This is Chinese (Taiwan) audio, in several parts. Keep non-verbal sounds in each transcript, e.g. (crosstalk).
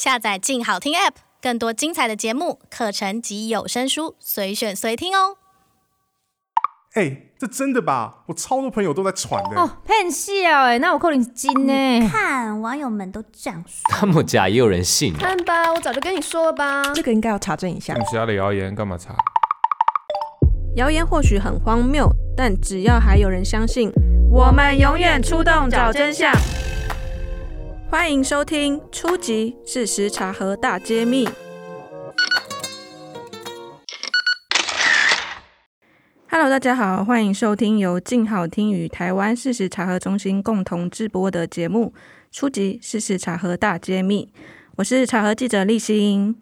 下載“靜好聽 ”App，更多精彩的節目、課程及有聲書，隨選隨聽哦。哎、欸，這真的吧？我超多朋友都在傳的哦。騙笑哎，那我扣、欸、你金呢？看網友們都這樣說，他們假也有人信？看吧，我早就跟你說了吧。這個應該要查證一下。你其他的謠言幹嘛查？謠言或許很荒謬，但只要還有人相信，我們永遠出動找真相。歡迎收聽《出擊！事實查核大揭密》。Hello，大家好，歡迎收聽由靜好聽與台灣事實查核中心共同制播的節目《出擊！事實查核大揭密》。我是查核記者立新。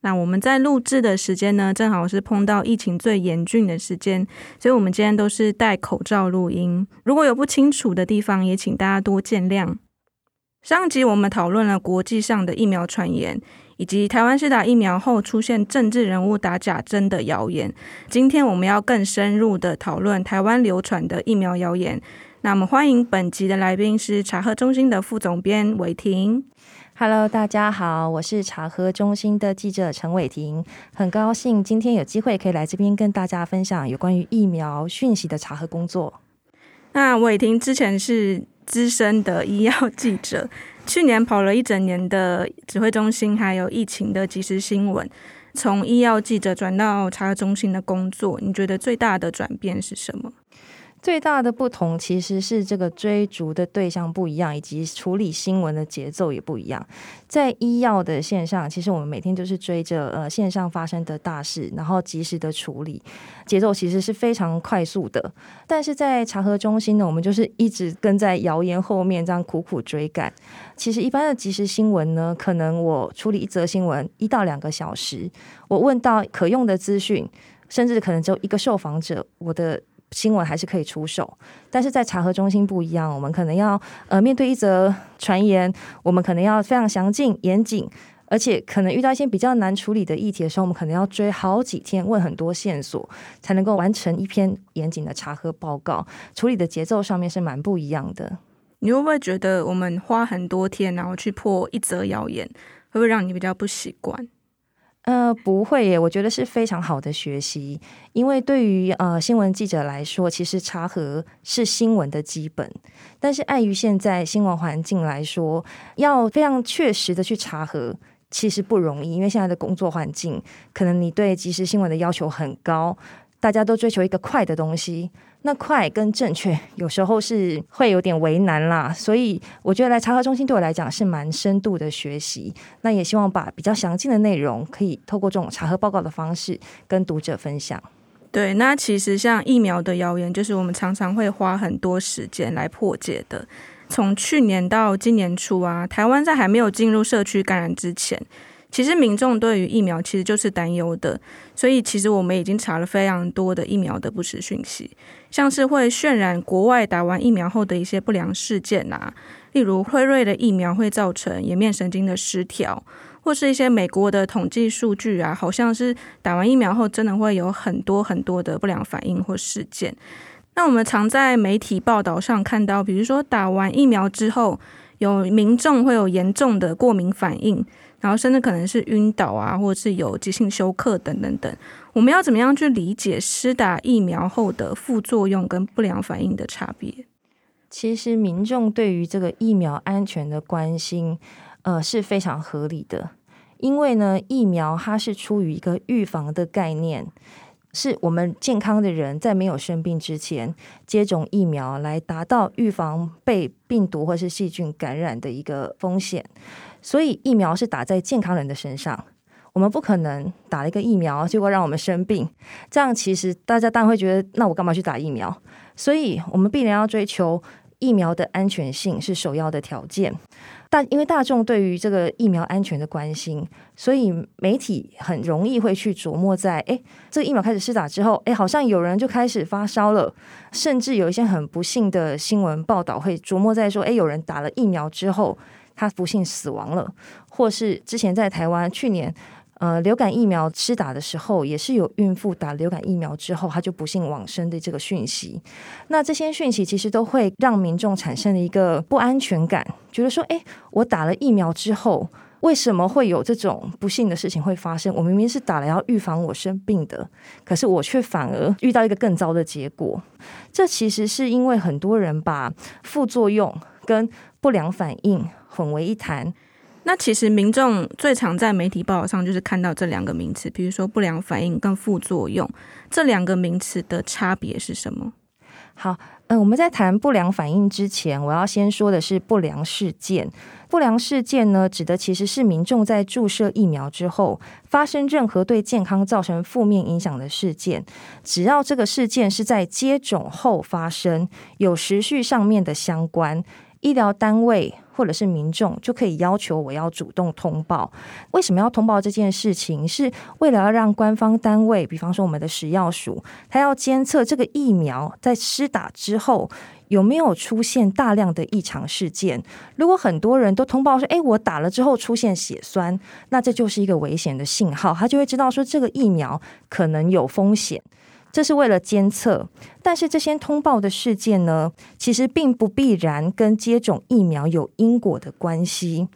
那我們在錄制的時間呢，正好是碰到疫情最嚴峻的時間，所以我們今天都是戴口罩錄音。如果有不清楚的地方，也請大家多見諒。上集我們討論了國際上的疫苗傳言，以及台灣施打疫苗後出現政治人物打假針的謠言。今天我們要更深入地討論台灣流傳的疫苗謠言。那麼歡迎本集的來賓，是查核中心的副總編偉婷。Hello，大家好，我是查核中心的記者陳偉婷。很高興今天有機會可以來這邊跟大家分享有關於疫苗訊息的查核工作。那韋婷之前是資深的醫藥記者，去年跑了一整年的指揮中心，還有疫情的即時新聞。從醫藥記者轉到查核中心的工作，你覺得最大的轉變是什麼？最大的不同其實是這個追逐的對象不一樣，以及處理新聞的節奏也不一樣。在醫藥的線上，其實我們每天就是追着呃線上發生的大事，然後及時的處理，節奏其實是非常快速的。但是在查核中心呢，我們就是一直跟在謠言後面這樣苦苦追趕。其實一般的即時新聞呢，可能我處理一則新聞一到兩個小時，我問到可用的資訊，甚至可能只有一個受訪者，我的。新聞還是可以出手，但是在查核中心不一樣，我們可能要呃面對一則傳言，我們可能要非常詳盡嚴謹，而且可能遇到一些比較難處理的議題的時候，我們可能要追好幾天，問很多線索，才能夠完成一篇嚴謹的查核報告。處理的節奏上面是蠻不一樣的。你會不會覺得我們花很多天然後去破一則謠言，會不會讓你比較不習慣？呃，不會耶，我覺得是非常好的學習，因為對於呃新聞記者來說，其實查核是新聞的基本。但是，礙於現在新聞環境來說，要非常確實的去查核，其實不容易，因為現在的工作環境，可能你對即時新聞的要求很高，大家都追求一個快的東西。那快跟正確有時候是會有點為難啦，所以我覺得來查核中心對我來講是蠻深度的學習。那也希望把比較詳盡的內容可以透過這種查核報告的方式跟讀者分享。對，那其實像疫苗的謠言，就是我們常常會花很多時間來破解的。從去年到今年初啊，台灣在還沒有進入社區感染之前，其實民眾對於疫苗其實就是擔憂的，所以其實我們已經查了非常多的疫苗的不實訊息。像是會渲染國外打完疫苗後的一些不良事件啊，例如輝瑞的疫苗會造成顏面神經的失調，或是一些美國的統計數據啊，好像是打完疫苗後真的會有很多很多的不良反應或事件。那我們常在媒體報道上看到，比如說打完疫苗之後，有民眾會有嚴重的過敏反應，然後甚至可能是暈倒啊，或者是有急性休克等等等。我們要怎麼樣去理解施打疫苗後的副作用跟不良反應的差別？其實民眾對於這個疫苗安全的關心，呃，是非常合理的。因為呢，疫苗它是出於一個預防的概念，是我們健康的人在沒有生病之前接種疫苗，來達到預防被病毒或是細菌感染的一個風險。所以疫苗是打在健康人的身上。我們不可能打了一個疫苗，結果讓我們生病。這樣其實大家當然會覺得，那我幹嘛去打疫苗？所以，我們必然要追求疫苗的安全性是首要的條件。但因為大眾對於這個疫苗安全的關心，所以媒體很容易會去琢磨在：誒，這個疫苗開始施打之後，誒，好像有人就開始發燒了。甚至有一些很不幸的新聞報道會琢磨在說：誒，有人打了疫苗之後，他不幸死亡了，或是之前在台灣去年。呃，流感疫苗施打的時候，也是有孕婦打流感疫苗之後，她就不幸往生的這個訊息。那這些訊息其實都會讓民眾產生了一個不安全感，覺得說：“哎，我打了疫苗之後，為什麼會有這種不幸的事情會發生？我明明是打了要預防我生病的，可是我卻反而遇到一個更糟的結果。”這其實是因為很多人把副作用跟不良反應混為一談。那其實民眾最常在媒體報道上就是看到這兩個名詞，比如說不良反應跟副作用，這兩個名詞的差別是什麼？好，嗯、呃，我們在談不良反應之前，我要先說的是不良事件。不良事件呢，指的其實是民眾在注射疫苗之後發生任何對健康造成負面影響的事件，只要這個事件是在接種後發生，有時序上面的相關醫療單位，或者是民眾就可以要求我要主動通報。為什麼要通報這件事情？是為了要讓官方單位，比方說我們的食藥署，他要監測這個疫苗在施打之後有沒有出現大量的異常事件。如果很多人都通報說，哎、欸，我打了之後出現血栓，那這就是一個危險的信號，他就會知道說這個疫苗可能有風險。這是為了監測，但是這些通報的事件呢，其實並不必然跟接種疫苗有因果的關係。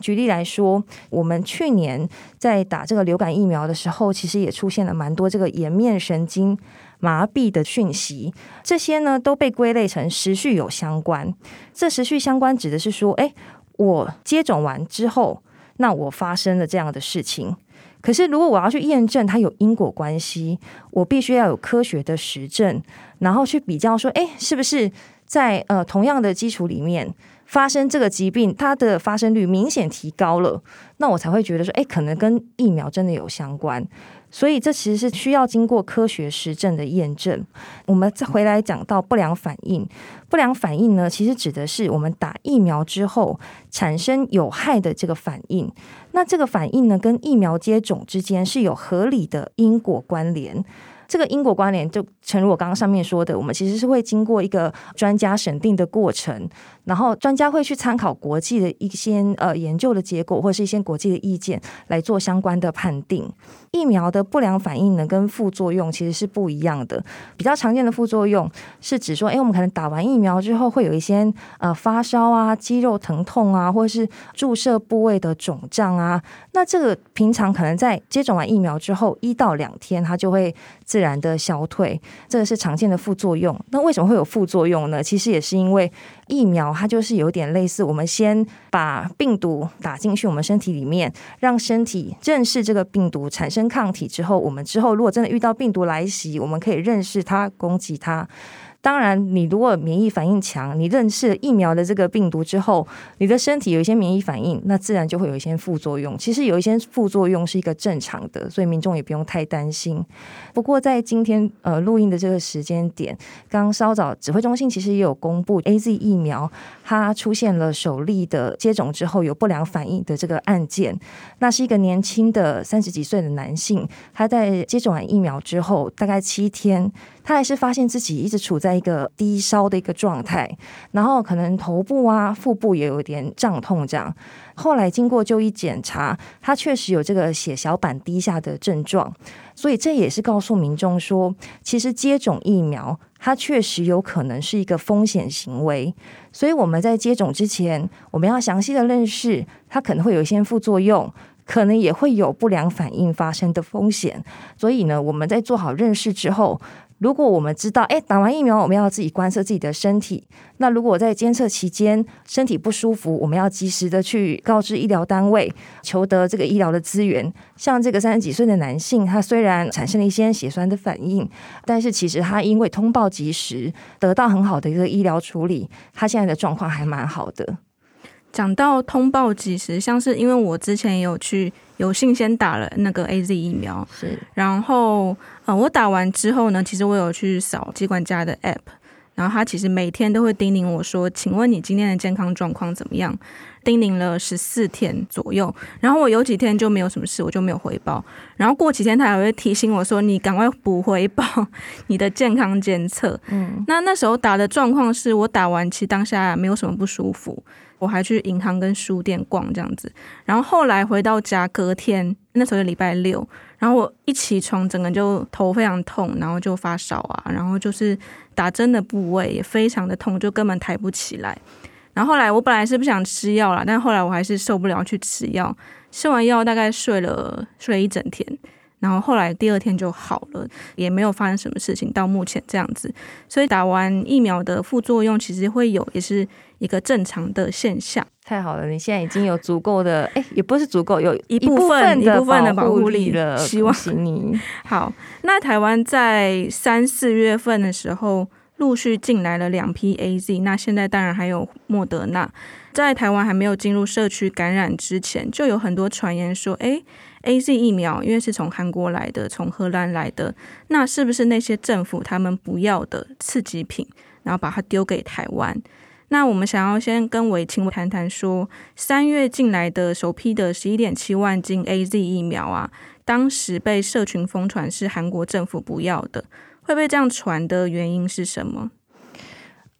舉例來說，我們去年在打這個流感疫苗的時候，其實也出現了蠻多這個顏面神經麻痹的訊息，這些呢都被歸類成時序有相關。這時序相關指的是說，誒，我接種完之後，那我發生了這樣的事情。可是，如果我要去驗證它有因果關係，我必須要有科學的實證，然後去比較說，哎，是不是在呃同樣的基礎裡面發生這個疾病，它的發生率明顯提高了，那我才會覺得說，哎，可能跟疫苗真的有相關。所以這其實是需要經過科學實證的驗證。我們再回來講到不良反應，不良反應呢，其實指的是我們打疫苗之後產生有害的這個反應。那這個反應呢，跟疫苗接種之間是有合理的因果關聯。這個因果關聯，就誠如我剛剛上面說的，我們其實是會經過一個專家審定的過程。然後專家會去參考國際的一些呃研究的結果，或者是一些國際的意見來做相關的判定。疫苗的不良反應呢，跟副作用其實是不一樣的。比較常見的副作用是指說，哎，我們可能打完疫苗之後會有一些呃發燒啊、肌肉疼痛啊，或者是注射部位的腫脹啊。那這個平常可能在接種完疫苗之後一到兩天，它就會自然的消退。這個是常見的副作用。那為什麼會有副作用呢？其實也是因為疫苗。它就是有點類似，我們先把病毒打進去我們身體裡面，讓身體正視這個病毒，產生抗體之後，我們之後如果真的遇到病毒來襲，我們可以認識它，攻擊它。當然，你如果免疫反應強，你認識了疫苗的這個病毒之後，你的身體有一些免疫反應，那自然就會有一些副作用。其實有一些副作用是一個正常的，所以民眾也不用太擔心。不過在今天呃錄音的這個時間點，剛稍早指揮中心其實也有公布 AZ 疫苗，它出現了首例的接種之後有不良反應的這個案件。那是一個年輕的三十幾歲的男性，他在接種完疫苗之後大概七天。他還是發現自己一直處在一個低燒的一個狀態，然後可能頭部啊、腹部也有點脹痛這樣。後來經過就醫檢查，他確實有這個血小板低下的症狀。所以這也是告訴民眾說，其實接種疫苗它確實有可能是一個風險行為。所以我們在接種之前，我們要詳細的認識它可能會有一些副作用，可能也會有不良反應發生的風險。所以呢，我們在做好認識之後。如果我們知道，哎，打完疫苗我們要自己觀測自己的身體。那如果在監測期間身體不舒服，我們要及時的去告知醫療單位，求得這個醫療的資源。像這個三十幾歲的男性，他雖然產生了一些血栓的反應，但是其實他因為通報及時，得到很好的一個醫療處理，他現在的狀況還蠻好的。講到通報及時，像是因為我之前有去有幸先打了那個 AZ 疫苗。是，然後、呃、我打完之後呢，其實我有去掃機關家的 App，然後他其實每天都會叮嚀我說，請問你今天的健康狀況怎麼樣？叮嚀了十四天左右，然後我有幾天就沒有什麼事，我就沒有回報，然後過幾天他還會提醒我說，你趕快補回報你的健康監測。嗯，那那時候打的狀況是我打完其實當下沒有什麼不舒服。我還去銀行跟書店逛這樣子，然後後來回到家，隔天那時候是禮拜六，然後我一起床，整個就頭非常痛，然後就發燒啊，然後就是打針的部位也非常的痛，就根本抬不起來。然後後來我本來是不想吃藥了，但後來我還是受不了去吃藥，吃完藥大概睡了睡了一整天，然後後來第二天就好了，也沒有發生什麼事情，到目前這樣子，所以打完疫苗的副作用其實會有，也是一個正常的現象，太好了！你現在已經有足夠的，誒，也不是足夠，有一部分一部分的保護力了。希望。恭喜你！好，那台灣在三四月份的時候陸續進來了兩批 AZ，那現在當然還有莫德納。在台灣還沒有進入社區感染之前，就有很多傳言說，誒，AZ 疫苗因為是從韓國來的，從荷蘭來的，那是不是那些政府他們不要的次級品，然後把它丟給台灣？那我們想要先跟韋清談談說，說三月進來的首批的十一點七萬劑 AZ 疫苗啊，當時被社群瘋傳是韓國政府不要的，會被這樣傳的原因是什麼？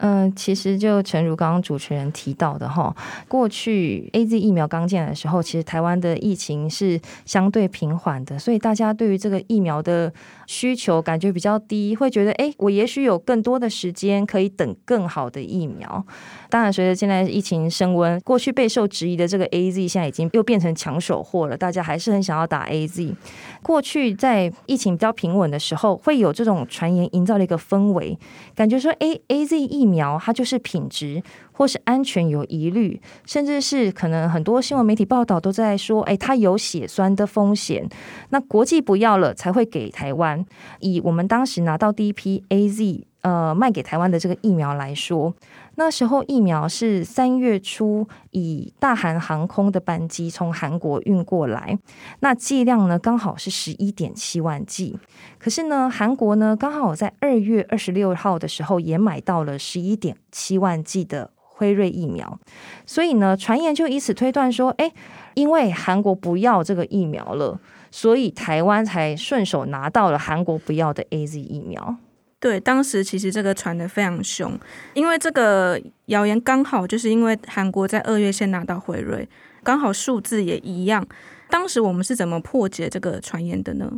嗯，其實就誠如剛剛主持人提到的哈，過去 A Z 疫苗剛進來的時候，其實台灣的疫情是相對平緩的，所以大家對於這個疫苗的需求感覺比較低，會覺得哎，我也許有更多的時間可以等更好的疫苗。當然，隨着現在疫情升溫，過去備受質疑的這個 A Z 現在已經又變成搶手貨了，大家還是很想要打 A Z。過去在疫情比較平穩的時候，會有這種傳言營造了一個氛圍，感覺說 A A Z 疫苗苗它就是品質或是安全有疑慮，甚至是可能很多新聞媒體報道都在說，哎、欸，它有血栓的風險。那國際不要了，才會給台灣。以我們當時拿到第一批 AZ 呃賣給台灣的這個疫苗來說。那時候疫苗是三月初以大韓航空的班機從韓國運過來，那劑量呢剛好是十一點七萬劑。可是呢，韓國呢剛好在二月二十六號的時候也買到了十一點七萬劑的輝瑞疫苗，所以呢，傳言就以此推斷說，哎，因為韓國不要這個疫苗了，所以台灣才順手拿到了韓國不要的 AZ 疫苗。對，當時其實這個傳得非常兇，因為這個謠言剛好就是因為韓國在二月先拿到輝瑞，剛好數字也一樣。當時我們是怎麼破解這個傳言的呢？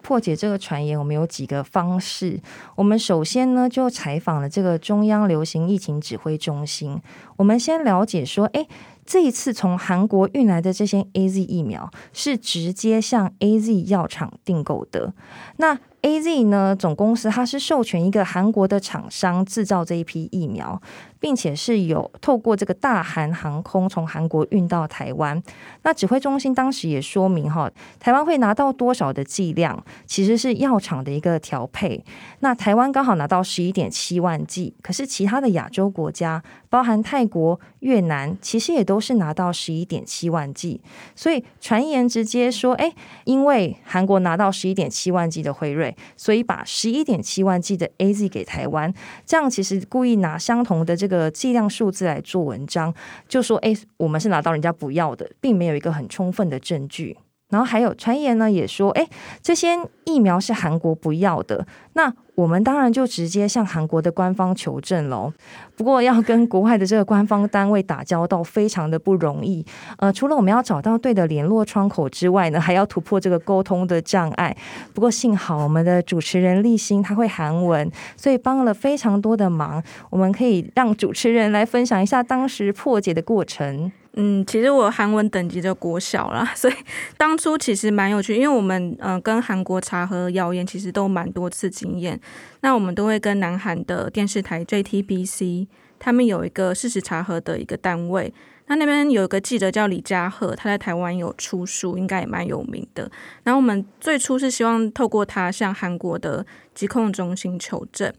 破解這個傳言，我們有幾個方式。我們首先呢就採訪了這個中央流行疫情指揮中心，我們先了解說，哎，這一次從韓國運來的這些 AZ 疫苗是直接向 AZ 藥廠訂購的，那。AZ 呢，總公司它是授權一個韓國的廠商製造這一批疫苗，並且是有透過這個大韓航空從韓國運到台灣。那指揮中心當時也說明哈，台灣會拿到多少的劑量，其實是藥廠的一個調配。那台灣剛好拿到十一點七萬劑，可是其他的亞洲國家，包含泰國、越南，其實也都是拿到十一點七萬劑。所以傳言直接說，哎、欸，因為韓國拿到十一點七萬劑的輝瑞。所以把十一點七萬劑的 AZ 給台灣，這樣其實故意拿相同的這個劑量數字來做文章，就說誒我們是拿到人家不要的，並沒有一個很充分的證據。然後還有傳言呢，也說，哎，這些疫苗是韓國不要的。那我們當然就直接向韓國的官方求證嘍。不過要跟國外的這個官方單位打交道，非常的不容易。呃，除了我們要找到對的聯絡窗口之外呢，還要突破這個溝通的障礙。不過幸好我們的主持人立新他會韓文，所以幫了非常多的忙。我們可以讓主持人來分享一下當時破解的過程。嗯，其實我韓文等級就國小啦。所以當初其實蠻有趣，因為我們嗯、呃、跟韓國查核謠言其實都蠻多次經驗。那我們都會跟南韓的電視台 JTBC，他們有一個事實查核的一個單位。那那邊有一個記者叫李嘉赫，他在台灣有出書，應該也蠻有名的。然後我們最初是希望透過他向韓國的疾控中心求證。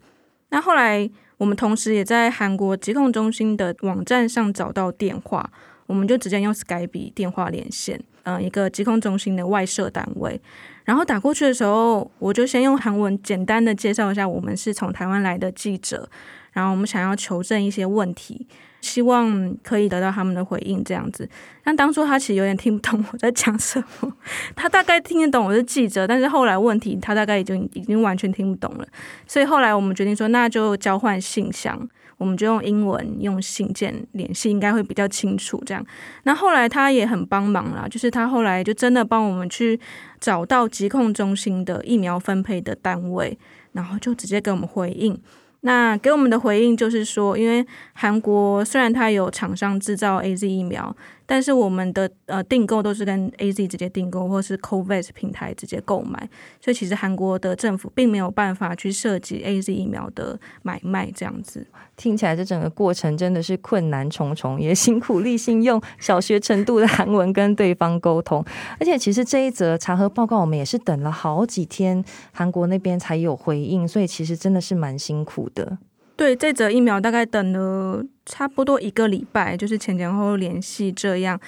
那後來我們同時也在韓國疾控中心的網站上找到電話。我們就直接用 Skype 電話連線，嗯、呃，一個疾控中心的外設單位。然後打過去的時候，我就先用韓文簡單的介紹一下，我們是從台灣來的記者，然後我們想要求證一些問題，希望可以得到他們的回應這樣子。但當初他其實有點聽不懂我在講什麼，他大概聽得懂我是記者，但是後來問題他大概已經已經完全聽不懂了，所以後來我們決定說，那就交換信箱。我們就用英文用信件聯繫，應該會比較清楚這樣。那後來他也很幫忙啦，就是他後來就真的幫我們去找到疾控中心的疫苗分配的單位，然後就直接給我們回應。那給我們的回應就是說，因為韓國雖然它有廠商製造 AZ 疫苗。但是我們的呃訂購都是跟 AZ 直接訂購，或是 COVAX 平台直接購買，所以其實韓國的政府並沒有辦法去涉及 AZ 疫苗的買賣這樣子。聽起來這整個過程真的是困難重重，也辛苦立信用小學程度的韓文跟對方溝通， (laughs) 而且其實這一則查核報告我們也是等了好幾天，韓國那邊才有回應，所以其實真的是蠻辛苦的。對這則疫苗，大概等了差不多一個禮拜，就是前前後後聯繫這樣。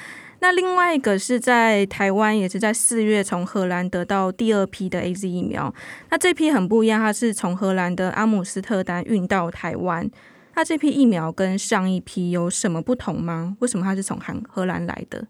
那另外一個是在台灣，也是在四月從荷蘭得到第二批的 AZ 疫苗。那這批很不一樣，它是從荷蘭的阿姆斯特丹運到台灣。那這批疫苗跟上一批有什麼不同嗎？為什麼它是從韓荷蘭來的？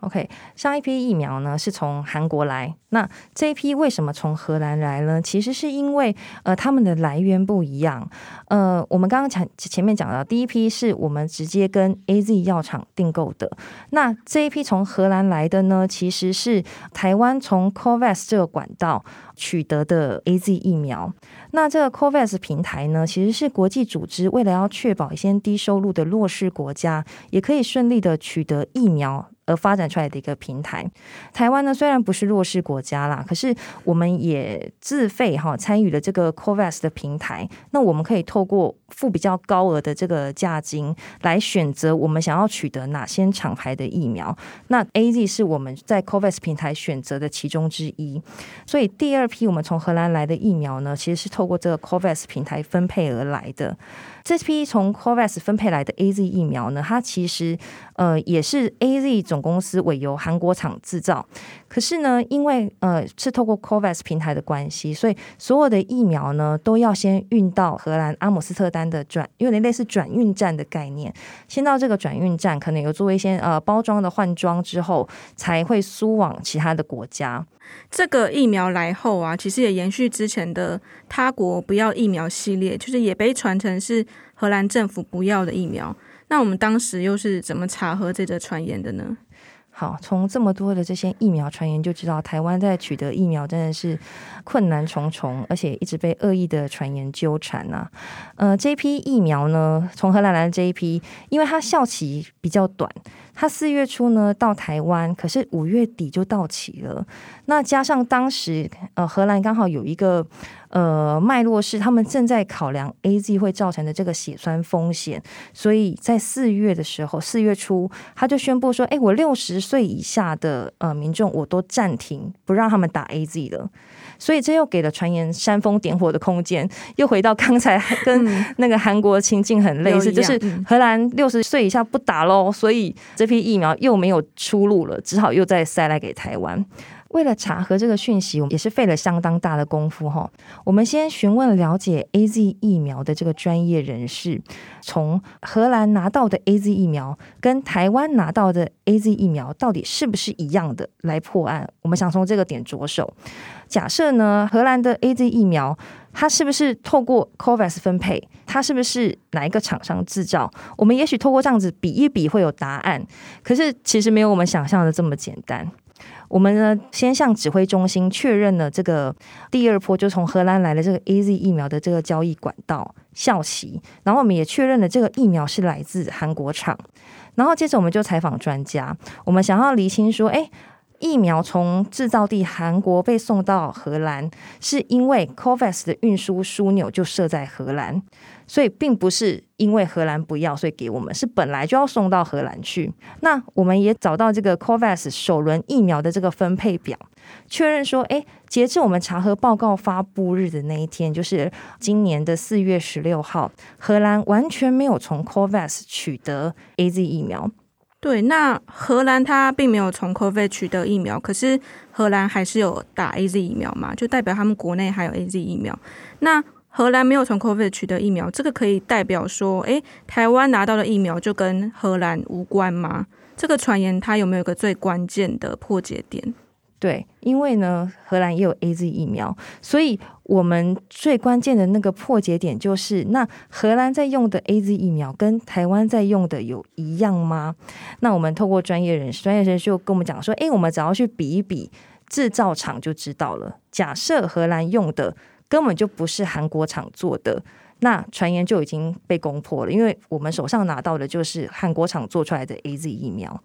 OK，上一批疫苗呢是從韓國來，那這一批為什麼從荷蘭來呢？其實是因為呃他們的來源不一樣。呃，我們剛剛前面講到第一批是我們直接跟 A Z 藥廠訂購的，那這一批從荷蘭來的呢，其實是台灣從 COVAX 這個管道取得的 A Z 疫苗。那這個 COVAX 平台呢，其實是國際組織為了要確保一些低收入的弱勢國家也可以順利的取得疫苗，而發展出來的一個平台，台灣呢雖然不是弱勢國家啦，可是我們也自費哈參與了這個 COVAX 的平台，那我們可以透過付比較高額的這個價金來選擇我們想要取得哪些廠牌的疫苗。那 AZ 是我們在 COVAX 平台選擇的其中之一，所以第二批我們從荷蘭來的疫苗呢，其實是透過這個 COVAX 平台分配而來的。這批從 COVAX 分配來的 AZ 疫苗呢，它其實呃也是 AZ 總公司委由韓國廠製造。可是呢，因為呃是透過 COVAX 平台的關係，所以所有的疫苗呢都要先運到荷蘭阿姆斯特丹。的轉，因為類似轉運站的概念，先到這個轉運站，可能有做一些呃包裝的換裝之後，才會輸往其他的國家。這個疫苗來後啊，其實也延續之前的他國不要疫苗系列，就是也被傳成是荷蘭政府不要的疫苗。那我們當時又是怎麼查核這個傳言的呢？好，從這麼多的這些疫苗傳言就知道，台灣在取得疫苗真的是困難重重，而且一直被惡意的傳言糾纏啊。呃，這批疫苗呢，從荷蘭來的這一批，因為它效期比較短，它四月初呢到台灣，可是五月底就到期了。那加上當時呃，荷蘭剛好有一個。呃，脈絡是他們正在考量 AZ 會造成的這個血栓風險，所以在四月的時候，四月初他就宣布說：“哎、欸，我六十歲以下的呃民眾，我都暫停不讓他們打 AZ 了。”所以這又給了傳言煽風點火的空間，又回到剛才跟那個韓國情境很類似，嗯、就是荷蘭六十歲以下不打嘍，所以這批疫苗又沒有出路了，只好又再塞來給台灣。為了查核這個訊息，我們也是費了相當大的功夫哈。我們先詢問了解 AZ 疫苗的這個專業人士，從荷蘭拿到的 AZ 疫苗跟台灣拿到的 AZ 疫苗到底是不是一樣的來破案。我們想從這個點着手。假設呢，荷蘭的 AZ 疫苗它是不是透過 COVAX 分配？它是不是哪一個廠商製造？我們也許透過這樣子比一比會有答案。可是其實沒有我們想象的這麼簡單。我們呢，先向指揮中心確認了這個第二波，就從荷蘭來的這個 AZ 疫苗的這個交易管道效期，然後我們也確認了這個疫苗是來自韓國廠，然後接着我們就採訪專家，我們想要釐清說，哎。疫苗從製造地韓國被送到荷蘭，是因為 COVAX 的運輸樞紐就設在荷蘭，所以並不是因為荷蘭不要，所以給我們，是本來就要送到荷蘭去。那我們也找到這個 COVAX 首輪疫苗的這個分配表，確認說，誒，截至我們查核報告發布日的那一天，就是今年的四月十六號，荷蘭完全沒有從 COVAX 取得 AZ 疫苗。對，那荷蘭它並沒有從 COVID 取得疫苗，可是荷蘭還是有打 AZ 疫苗嘛，就代表他們國內還有 AZ 疫苗。那荷蘭沒有從 COVID 取得疫苗，這個可以代表說，誒，台灣拿到的疫苗就跟荷蘭無關嗎？這個傳言它有沒有一個最關鍵的破解點？對，因為呢，荷蘭也有 AZ 疫苗，所以我們最關鍵的那個破解點就是，那荷蘭在用的 AZ 疫苗跟台灣在用的有一樣嗎？那我們透過專業人士，專業人士就跟我們講說，哎，我們只要去比一比製造廠就知道了。假設荷蘭用的根本就不是韓國廠做的，那傳言就已經被攻破了，因為我們手上拿到的就是韓國廠做出來的 AZ 疫苗。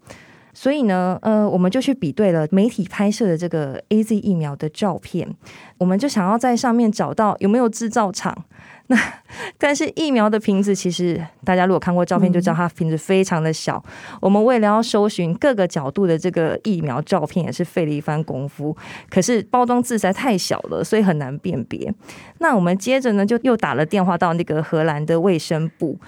所以呢，呃，我們就去比對了媒體拍攝的這個 AZ 疫苗的照片，我們就想要在上面找到有沒有製造廠。那但是疫苗的瓶子其實大家如果看過照片就知道，它瓶子非常的小。嗯、我們為了要搜尋各個角度的這個疫苗照片，也是費了一番功夫。可是包裝字實在太小了，所以很難辨別。那我們接着呢，就又打了電話到那個荷蘭的衛生部。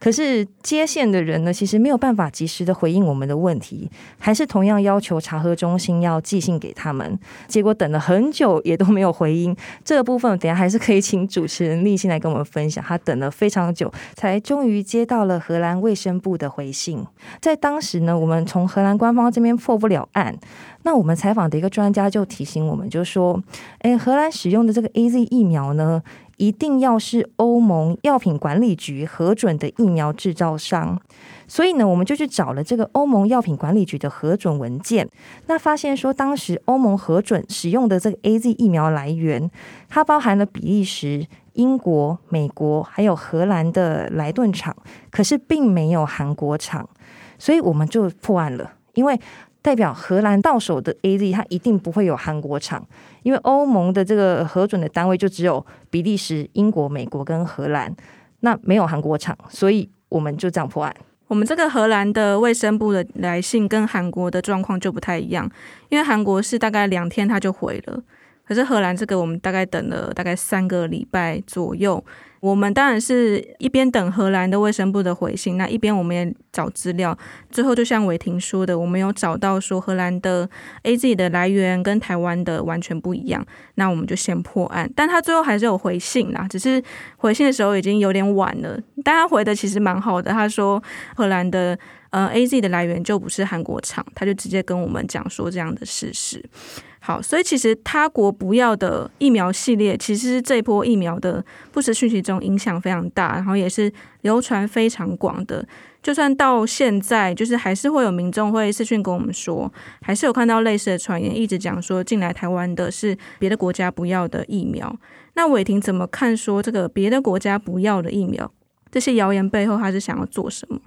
可是接線的人呢，其實沒有辦法及時的回應我們的問題，還是同樣要求查核中心要寄信給他們。結果等了很久，也都沒有回音。這個部分，等下還是可以請主持人立信來跟我們分享。他等了非常久，才終於接到了荷蘭衛生部的回信。在當時呢，我們從荷蘭官方這邊破不了案。那我們採訪的一個專家就提醒我們，就說：“誒，荷蘭使用的這個 AZ 疫苗呢？”一定要是歐盟藥品管理局核准的疫苗製造商，所以呢，我們就去找了這個歐盟藥品管理局的核准文件。那發現說，當時歐盟核准使用的這個 AZ 疫苗來源，它包含了比利時、英國、美國還有荷蘭的萊頓廠，可是並沒有韓國廠，所以我們就破案了，因為。代表荷蘭到手的 AZ，它一定不會有韓國廠，因為歐盟的這個核准的單位就只有比利時、英國、美國跟荷蘭，那沒有韓國廠，所以我們就這樣破案。我們這個荷蘭的衛生部的來信跟韓國的狀況就不太一樣，因為韓國是大概兩天他就回了。可是荷蘭這個，我們大概等了大概三個禮拜左右。我們當然是一邊等荷蘭的衛生部的回信，那一邊我們也找資料。最後就像偉霆說的，我們有找到說荷蘭的 AZ 的來源跟台灣的完全不一樣。那我們就先破案，但他最後還是有回信啦，只是回信的時候已經有點晚了。但他回的其實蠻好的，他說荷蘭的呃 AZ 的來源就不是韓國廠，他就直接跟我們講說這樣的事實。好，所以其實他國不要的疫苗系列，其實這波疫苗的不實訊息中影響非常大，然後也是流傳非常廣的。就算到現在，就是還是會有民眾會私訊跟我們說，還是有看到類似的傳言，一直講說進來台灣的是別的國家不要的疫苗。那偉霆怎麼看說這個別的國家不要的疫苗？這些謠言背後，他是想要做什麼？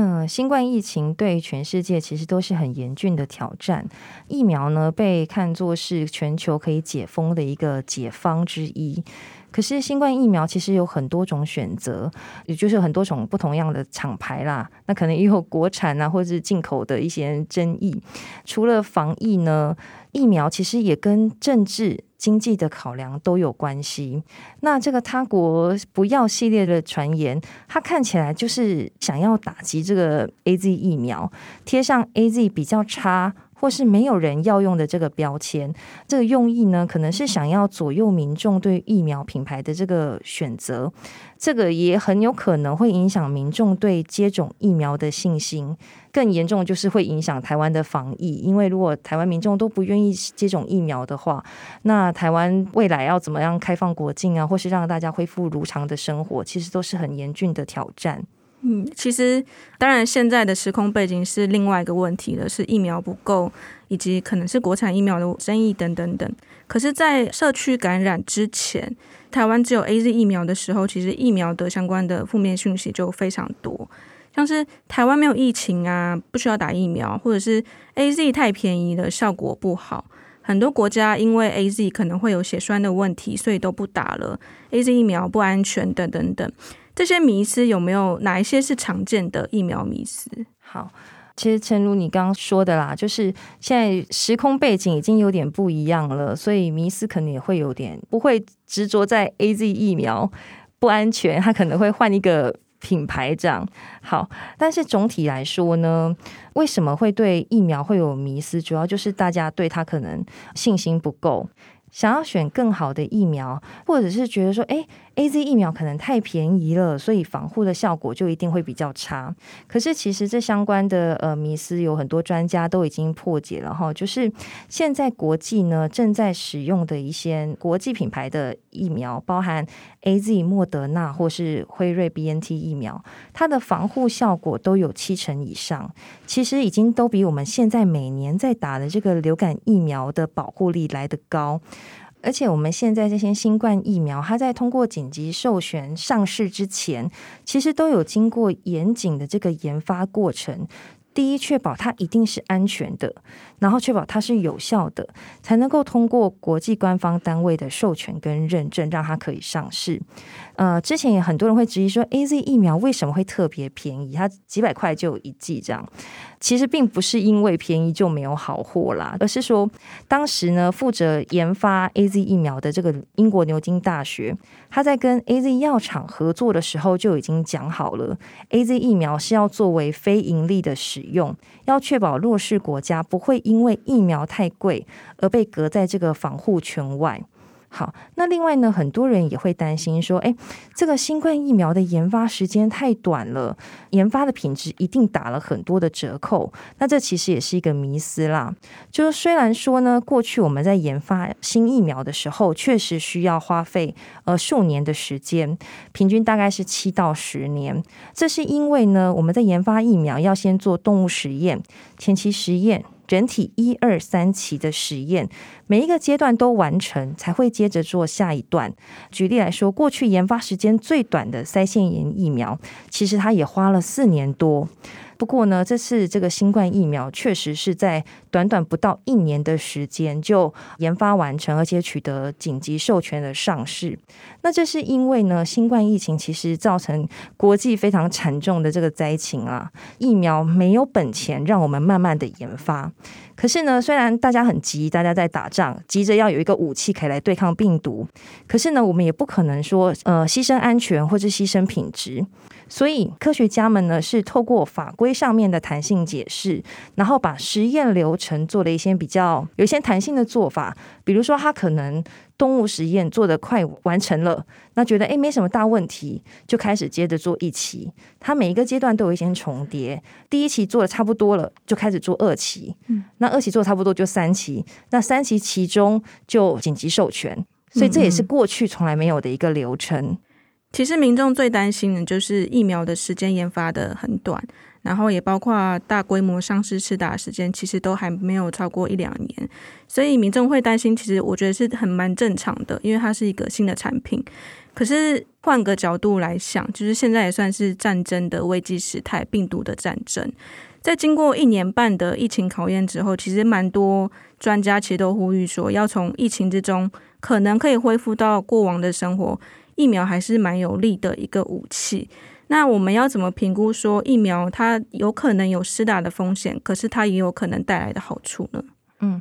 嗯，新冠疫情對全世界其實都是很嚴峻的挑戰。疫苗呢，被看作是全球可以解封的一個解方之一。可是，新冠疫苗其實有很多種選擇，也就是很多種不同樣的廠牌啦。那可能也有國產啊，或者是進口的一些爭議。除了防疫呢，疫苗其實也跟政治、經濟的考量都有關係。那這個他國不要系列的傳言，它看起來就是想要打擊這個 AZ 疫苗，貼上 AZ 比較差或是沒有人要用的這個標籤。這個用意呢，可能是想要左右民眾對疫苗品牌的這個選擇。這個也很有可能會影響民眾對接種疫苗的信心。更嚴重就是會影響台灣的防疫，因為如果台灣民眾都不願意接種疫苗的話，那台灣未來要怎麼樣開放國境啊，或是讓大家恢復如常的生活，其實都是很嚴峻的挑戰。嗯，其實當然現在的時空背景是另外一個問題了，是疫苗不夠，以及可能是國產疫苗的爭議等等等。可是，在社區感染之前，台灣只有 AZ 疫苗的時候，其實疫苗的相關的負面訊息就非常多。像是台灣沒有疫情啊，不需要打疫苗，或者是 A Z 太便宜了，效果不好，很多國家因為 A Z 可能會有血栓的問題，所以都不打了。A Z 疫苗不安全，等等等，這些迷思有沒有哪一些是常見的疫苗迷思？好，其實誠如你剛剛說的啦，就是現在時空背景已經有點不一樣了，所以迷思可能也會有點不會執着在 A Z 疫苗不安全，他可能會換一個。品牌這樣好，但是總體來說呢，為什麼會對疫苗會有迷思？主要就是大家對他可能信心不夠，想要選更好的疫苗，或者是覺得說，哎、欸。AZ 疫苗可能太便宜了，所以防護的效果就一定會比較差。可是其實這相關的呃迷思，有很多專家都已經破解了哈。就是現在國際呢正在使用的一些國際品牌的疫苗，包含 AZ、莫德納或是輝瑞 BNT 疫苗，它的防護效果都有七成以上，其實已經都比我們現在每年在打的這個流感疫苗的保護力來得高。而且我們現在這些新冠疫苗，它在通過緊急授權上市之前，其實都有經過嚴謹的這個研發過程。第一，確保它一定是安全的。然後確保它是有效的，才能夠通過國際官方單位的授權跟認證，讓它可以上市。呃，之前也很多人會質疑說，AZ 疫苗為什麼會特別便宜？它幾百塊就有一劑這樣，其實並不是因為便宜就沒有好貨啦，而是說當時呢，負責研發 AZ 疫苗的這個英國牛津大學，他在跟 AZ 藥廠合作的時候就已經講好了，AZ 疫苗是要作為非盈利的使用。要確保弱勢國家不會因為疫苗太貴而被隔在這個防護圈外。好，那另外呢，很多人也會擔心說，哎，這個新冠疫苗的研發時間太短了，研發的品質一定打了很多的折扣。那這其實也是一個迷思啦。就是雖然說呢，過去我們在研發新疫苗的時候，確實需要花費呃數年的時間，平均大概是七到十年。這是因為呢，我們在研發疫苗要先做動物實驗、前期實驗。整體一二三期的實驗，每一個階段都完成，才會接着做下一段。舉例來說，過去研發時間最短的腮腺炎疫苗，其實它也花了四年多。不過呢，這次這個新冠疫苗確實是在短短不到一年的時間就研發完成，而且取得緊急授權的上市。那這是因為呢，新冠疫情其實造成國際非常慘重的這個災情啊，疫苗沒有本錢讓我們慢慢的研發。可是呢，雖然大家很急，大家在打仗，急着要有一個武器可以來對抗病毒，可是呢，我們也不可能說呃犧牲安全或者犧牲品質。所以科學家們呢是透過法規。上面的彈性解釋，然後把實驗流程做了一些比較有一些彈性的做法，比如說他可能動物實驗做的快完成了，那覺得誒沒什麼大問題，就開始接着做一期。他每一個階段都有一些重疊，第一期做的差不多了，就開始做二期。嗯，那二期做的差不多就三期，那三期期中就緊急授權，所以這也是過去從來沒有的一個流程。其實民眾最擔心的就是疫苗的時間研發的很短。然後也包括大規模上市試打時間，其實都還沒有超過一兩年，所以民眾會擔心。其實我覺得是很蠻正常的，因為它是一個新的產品。可是換個角度來想，就是現在也算是戰爭的危機時態，病毒的戰爭。在經過一年半的疫情考驗之後，其實蠻多專家其實都呼籲說，要從疫情之中可能可以恢復到過往的生活。疫苗還是蠻有力的一個武器。那我們要怎麼評估說，疫苗它有可能有施打的風險，可是它也有可能帶來的好處呢？嗯。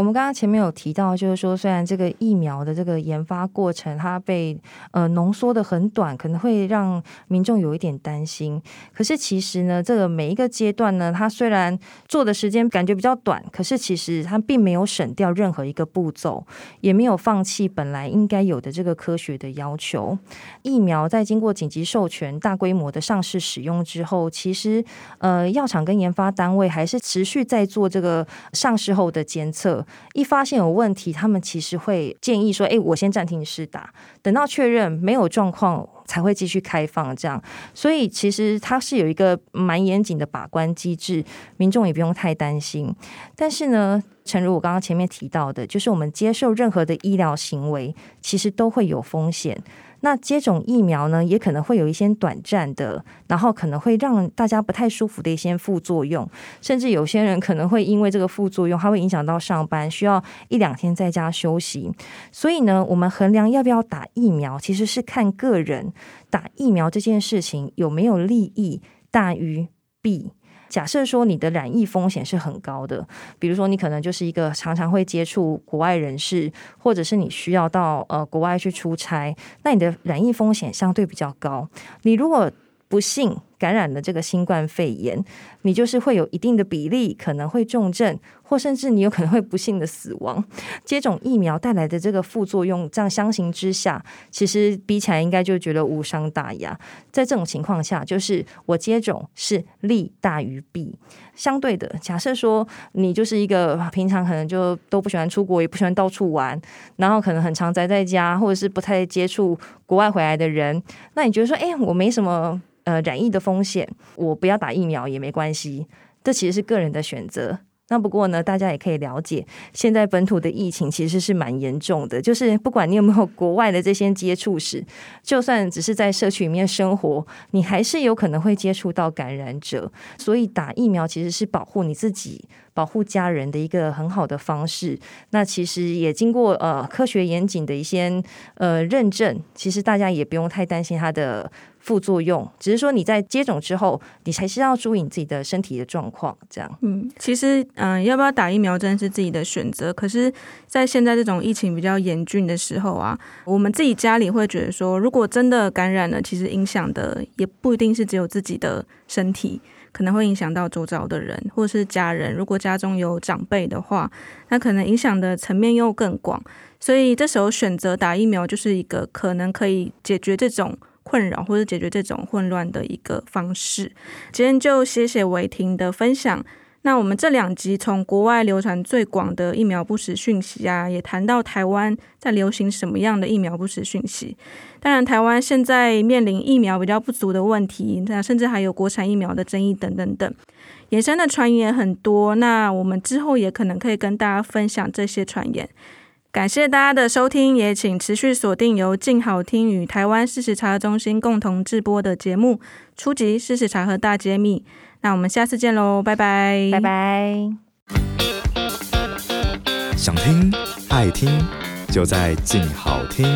我們剛剛前面有提到，就是說，雖然這個疫苗的這個研發過程它被呃濃縮得很短，可能會讓民眾有一點擔心。可是其實呢，這個每一個階段呢，它雖然做的時間感覺比較短，可是其實它並沒有省掉任何一個步驟，也沒有放棄本來應該有的這個科學的要求。疫苗在經過緊急授權、大規模的上市使用之後，其實呃，藥廠跟研發單位還是持續在做這個上市後的監測。一發現有問題，他們其實會建議說：“哎、欸，我先暫停施打，等到確認沒有狀況，才會繼續開放。”這樣，所以其實它是有一個蠻嚴謹的把關機制，民眾也不用太擔心。但是呢，誠如我剛剛前面提到的，就是我們接受任何的醫療行為，其實都會有風險。那接種疫苗呢，也可能會有一些短暫的，然後可能會讓大家不太舒服的一些副作用，甚至有些人可能會因為這個副作用，它會影響到上班，需要一兩天在家休息。所以呢，我們衡量要不要打疫苗，其實是看個人打疫苗這件事情有沒有利益大於弊。假設說你的染疫風險是很高的，比如說你可能就是一個常常會接觸國外人士，或者是你需要到呃國外去出差，那你的染疫風險相對比較高。你如果不幸，感染了這個新冠肺炎，你就是會有一定的比例可能會重症，或甚至你有可能會不幸的死亡。接種疫苗帶來的這個副作用，這樣相形之下，其實比起來應該就覺得無傷大雅。在這種情況下，就是我接種是利大於弊。相對的，假設說你就是一個平常可能就都不喜歡出國，也不喜歡到處玩，然後可能很常宅在家，或者是不太接觸國外回來的人，那你覺得說，哎、欸，我沒什麼呃染疫的方法風險，我不要打疫苗也沒關係，這其實是個人的選擇。那不過呢，大家也可以了解，現在本土的疫情其實是蠻嚴重的。就是不管你有沒有國外的這些接觸史，就算只是在社區裡面生活，你還是有可能會接觸到感染者。所以打疫苗其實是保護你自己、保護家人的一個很好的方式。那其實也經過呃科學嚴謹的一些呃認證，其實大家也不用太擔心它的。副作用，只是說你在接種之後，你還是要注意你自己的身體的狀況。這樣，嗯，其實，嗯、呃，要不要打疫苗真的是自己的選擇。可是，在現在這種疫情比較嚴峻的時候啊，我們自己家裡會覺得說，如果真的感染了，其實影響的也不一定是只有自己的身體，可能會影響到周遭的人或者是家人。如果家中有長輩的話，那可能影響的層面又更廣。所以這時候選擇打疫苗就是一個可能可以解決這種。困擾或者解決這種混亂的一個方式。今天就謝謝維婷的分享。那我們這兩集從國外流傳最廣的疫苗不實訊息啊，也談到台灣在流行什麼樣的疫苗不實訊息。當然，台灣現在面臨疫苗比較不足的問題，那甚至還有國產疫苗的爭議等等等，衍生的傳言很多。那我們之後也可能可以跟大家分享這些傳言。感謝大家的收聽，也請持續鎖定由靜好聽與台灣事實查核中心共同製播的節目《出擊！事實查核大揭密》。那我們下次見嘍，拜拜！拜拜！想聽、愛聽，就在靜好聽。